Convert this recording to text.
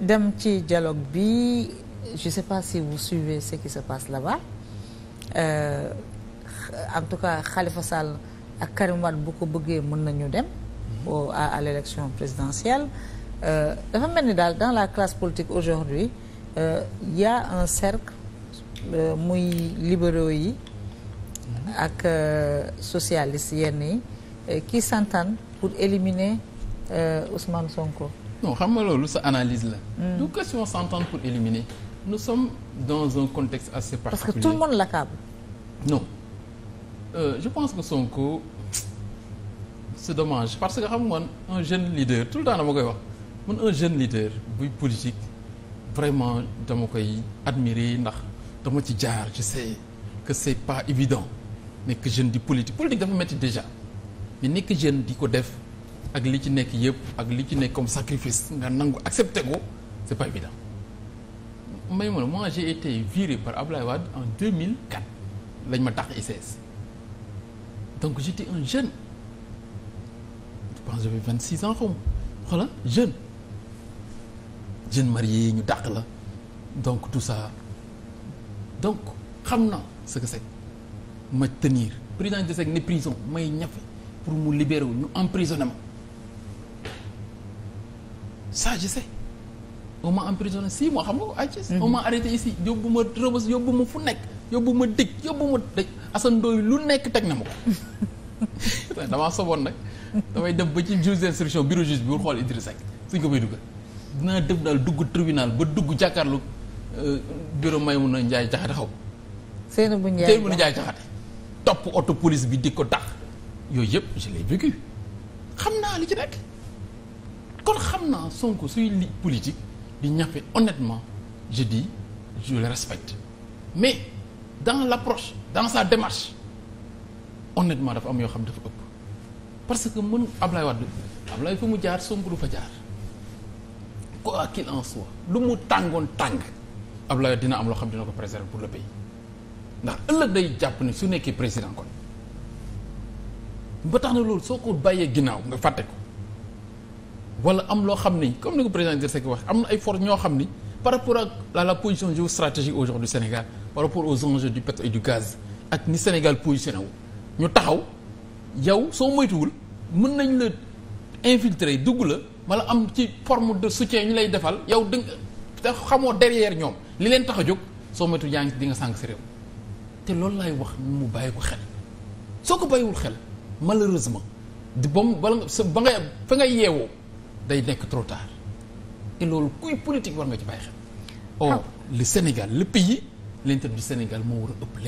dem ci dialogue bi je sais pa si vous suivez ce qui se passe là-bas euh, en tout cas Khalifa Sall ak Karim Wade bu ko bëggee mën nañu dem mhm. à, à l'élection présidentielle euh, dafa mel ni daal dans la classe politique aujourd'hui euh, y a un cercle euh, muy libéraux yi mhm. ak euh, socialistes yenn yi euh, qui s'entendent pour éliminer Ousmane Sonko non xam nga loolu sa analyse la. Hmm. du question s'entendre pour éliminer nous sommes dans un contexte assez particulier. parce que tout le monde l'accable. Euh, je pense que Sonko c'est dommage parce que xam nga un jeune leader tout le temps dama koy wax man un jeune leader buy politique vraiment dama koy admirer ndax dama ci jaar je sais que c'est pas évident nekk jeune di politique politique dafa métti déjà mais nekk jeune di ko def. ak li ci nekk yëpp ak li ci nekk comme sacrifice nga nangu accepté ko c'est pas évident may ma ne moi j'ai été viré par Ablaye Wade en 2004 lañ ma tax ICS donc j'étais un jeune je pense j'avais 26 ans xaw ma voilà ñu dàq la donc tout ça donc xam naa ce que c'est ma tenir président de sec ne prison may ñafe pour mu libérer wu ñu emprisonnement ça je sais on m'a emprisonné six mois xam nga ko à Thiès mhm. on m'a arrêté ici yóbbu ma Rebeuss yóbbu ma fu nekk yóbbu ma dëj yóbbu ma dëj Assane Ndoye lu nekk teg na ma ko damaa soboon nag damay def ba ci juge d'instruction bureau juge bi pour xool Idrissa Seck suñ ko may duggal dinaa def daal dugg tribinal ba dugg jàkkaarlu euh, bureau Maymouna Ndiaye Diakhaté xaw Seynabou Ndiaye Diakhaté topp auto police bi di ko tax yooyu yëpp je l'ai xam naa li ci nekk kon xam naa sonk suy ligue politique di ñafe honnêtement je dis je le respecte mais dans l'approche dans sa démarche honnêtement dafa am yoo xam dafa ëpp parce que mën Ablaye Wade Ablaye fa mu jaar Sonko du fa jaar quoi qu'il en soit lu mu tàngoon tàng Ablaye dina am loo xam dina ko préserver pour le pays ndax ëllëg day jàpp ne su nekkee président kon ba tax na loolu soo ko bàyyee ginnaaw nga fàtte ko wala am loo xam ni comme ni ko président Idrissa Seck wax am na ay force ñoo xam ni par rapport ak à la position géostratégique aujourd'hui du Sénégal par rapport aux enjeux du pétrole et du gaz ak ni Sénégal positionné wu ñu taxaw yow soo moytuwul mën nañ la infiltrer dugg la wala am ci forme de soutien ñu lay defal yow da nga xamoo derrière ñoom li leen tax a jóg soo moytuwul yaa ngi di nga sànq si réew te loolu lay wax mu bàyyi ko xel soo ko bàyyiwul xel malheureusement di ba mu bala nga sa ba nga fa day nekk trop tard te loolu kuy politique war nga ci bàyyi xel or le Sénégal lépp pays l'intérêt du Sénégal moo war a ëpp lépp